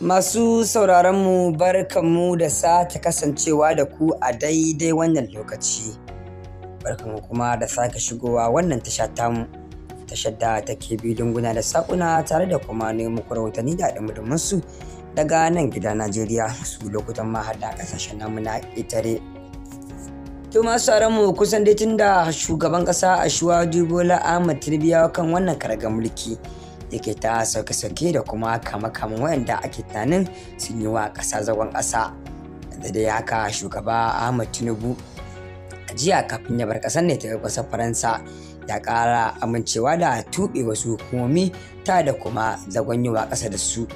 Masu sauraronmu barkanmu da sake kasancewa da ku a daidai wannan lokaci. Barkanmu kuma da sake shigowa wannan tasha tamu, tashar da take bi dunguna da sakuna tare da kuma nemo rahotanni da su daga nan gida Najeriya su lokutan ma hada kasashen namu na itare. To masu mu kusan dai tun da shugaban ƙasa Ashuwa Dubola Ahmad Tinubu kan wannan karagar mulki. da ta sauke-sauke da kuma kama-kaman waɗanda ake tunanin sun yi wa ƙasa zagon ƙasa da dai haka shugaba ahmad tinubu a jiya kafin ya bar ƙasar ne ta ƙasar faransa ya ƙara amincewa da tuɓe wasu hukumomi ta da kuma zagon yi wa ƙasa da su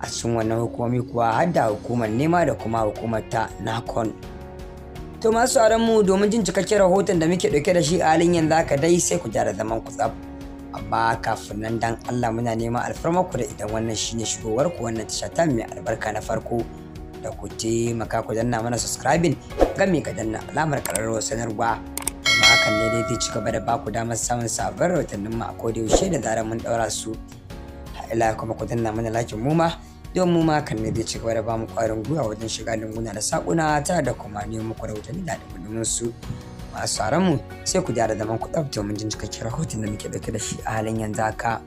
a cikin wannan hukumomi kuwa har da hukumar nema da kuma hukumar ta nakon to masu mu domin jin cikakken rahoton da muke ɗauke da shi a halin yanzu haka dai sai ku gyara zaman ku tsaf amma kafin nan dan Allah muna neman alfarmar ku da idan wannan shine shigowar ku wannan tasha ta mai albarka na farko da ku taimaka ku danna mana subscribing me ga danna alamar ƙararrawar sanarwa amma hakan ne dai zai ci gaba da ba ku damar samun sabon rahotannin mu a koda yaushe da zarar mun daura su ila kuma ku danna mana lakin mu ma don mu ma kan ne zai ci gaba da ba mu ƙwarin gwiwa wajen shiga lunguna da saƙuna ta da kuma neman ku rahotanni da su. masu mu sai ku gyara zaman ku ɗauke mun jin cikakken rahoton da muke ɗauke da shi a halin yanzu haka.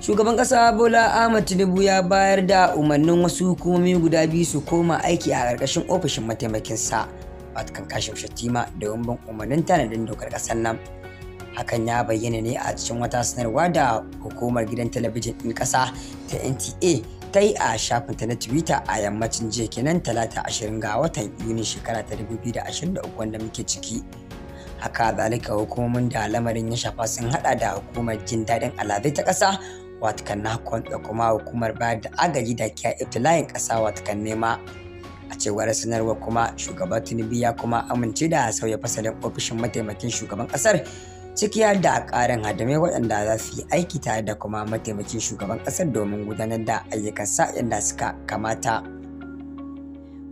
Shugaban ƙasa Bola Ahmad Tinubu ya bayar da umarnin wasu hukumomi guda biyu su koma aiki a ƙarƙashin ofishin mataimakin mataimakinsa Vatican Kashim Shatima domin bin umarnin tanadin dokar ƙasar nan. Hakan ya bayyana ne a cikin wata sanarwa da hukumar gidan talabijin ɗin ƙasa ta NTA ta yi a shafinta na twitter a yammacin jiya kenan talata ashirin ga watan yuni shekara ta 2023 wanda muke ciki haka zalika hukumomin da lamarin ya shafa sun haɗa da hukumar jin daɗin alazai ta ƙasa watakan nakon da kuma hukumar bayar da agaji da kiya iftilayin ƙasa watakan nema a cewar sanarwar kuma Shugaban tinubu ya kuma amince da sauya fasalin ofishin mataimakin shugaban ƙasar ciki yadda a ƙarin hadamai waɗanda za su yi aiki tare da kuma mataimakin shugaban ƙasar domin gudanar da ayyukan sa inda suka kamata.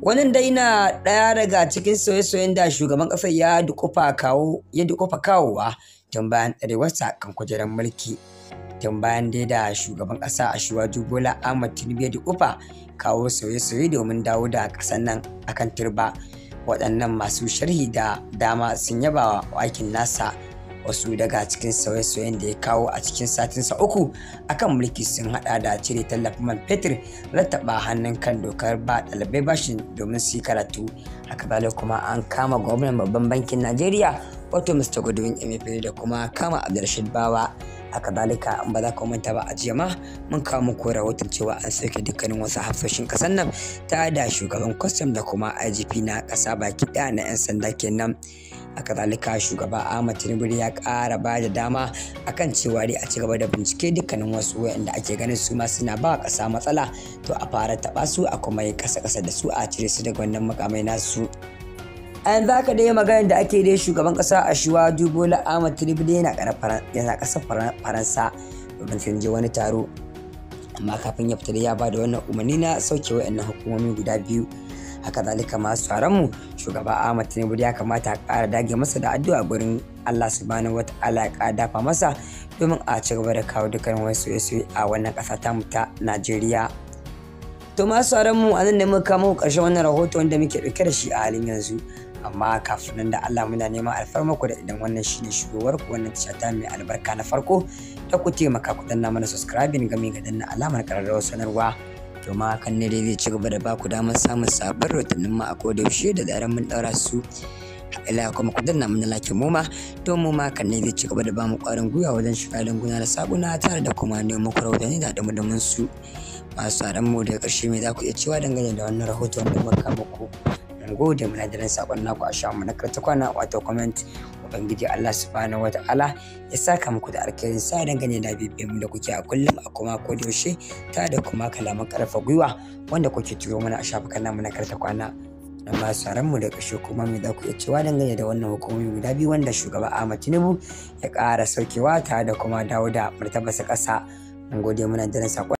Wannan dai na ɗaya daga cikin soye-soyen da shugaban ƙasar ya dukufa kawo ya dukufa kawowa tun bayan ɗarewarsa kan kujerar mulki. Tun bayan dai da shugaban ƙasa Ashwaju Jubola Ahmad Tinubu ya dukufa kawo sauye-sauye domin dawo da ƙasar nan akan turba. Waɗannan masu sharhi da dama sun yaba wa aikin nasa. wasu daga cikin sauye-sauyen da ya kawo a cikin satin sa uku akan mulki sun hada da cire tallafin man fetur taba hannun kan dokar ba ɗalibai bashin domin su yi karatu haka kuma an kama gwamnan babban bankin najeriya wato Mr. Godwin Emefiele da kuma kama Abdulrashid Bawa a kadalika in ba za ka manta ba a jiya ma mun kawo muku rahoton cewa an soke dukkanin wasu hafsoshin kasar nan ta da shugaban kwastam da kuma IGP na kasa baki ɗaya na 'yan sanda kenan a kadalika shugaba Ahmad Tinubu ya ƙara ba da dama akan cewa dai a ci gaba da bincike dukkanin wasu wanda ake ganin su ma suna ba kasa matsala to a fara taɓa su a kuma yi kasa-kasa da su a cire su daga wannan makamai nasu. a yanzu haka dai magana da ake dai shugaban kasa a shuwa la ahmad tribu dai yana kasar faransa domin sun je wani taro amma kafin ya fita da ya bada wannan umarni na sauke wa wa'annan hukumomi guda biyu haka zalika masu tsaron mu shugaba ahmad tribu ya kamata a ƙara dage masa da addu'a gurin allah subhanahu wa ta'ala ya dafa masa domin a ci gaba da kawo dukkan wani soyayya a wannan ta mu ta najeriya to masu tsaron mu a nan ne muka muku ƙarshen wannan rahoton da muke ɗauke da shi a halin yanzu amma kafin nan da Allah muna neman ku da idan wannan shine shigowar ku wannan tasha ta mai albarka na farko ta ku taimaka ku danna mana subscribing game ga danna alamar kararrawar sanarwa To ma hakan ne dai zai ci gaba da ba ku damar samun sabon rotunin ma a koda yaushe da daren mun daura su ila kuma ku danna mana lakin mu ma to mu ma kan ne zai ci gaba da ba mu ƙwarin gwiwa wajen shiga lunguna da sabuna tare da kuma neman muku rahotanni da damu su masu tsaron mu daga ƙarshe mai za ku iya cewa dangane da wannan rahoton da muka muku mu gode muna da ran sakon naku a shamu na karta kwana wato comment ubangiji Allah subhanahu wataala ya saka muku da alkhairin sa dangane da mu da kuke a kullum a kuma ko da yaushe ta da kuma kalaman karfa gwiwa wanda kuke turo mana a shafukan namu na karta kwana na masaran mu da kashe kuma mai da iya cewa dangane da wannan hukumomi guda biyu wanda shugaba Ahmad Tinubu ya kara saukewa ta da kuma dawo da martabarsa ƙasa mun gode muna da ran sakon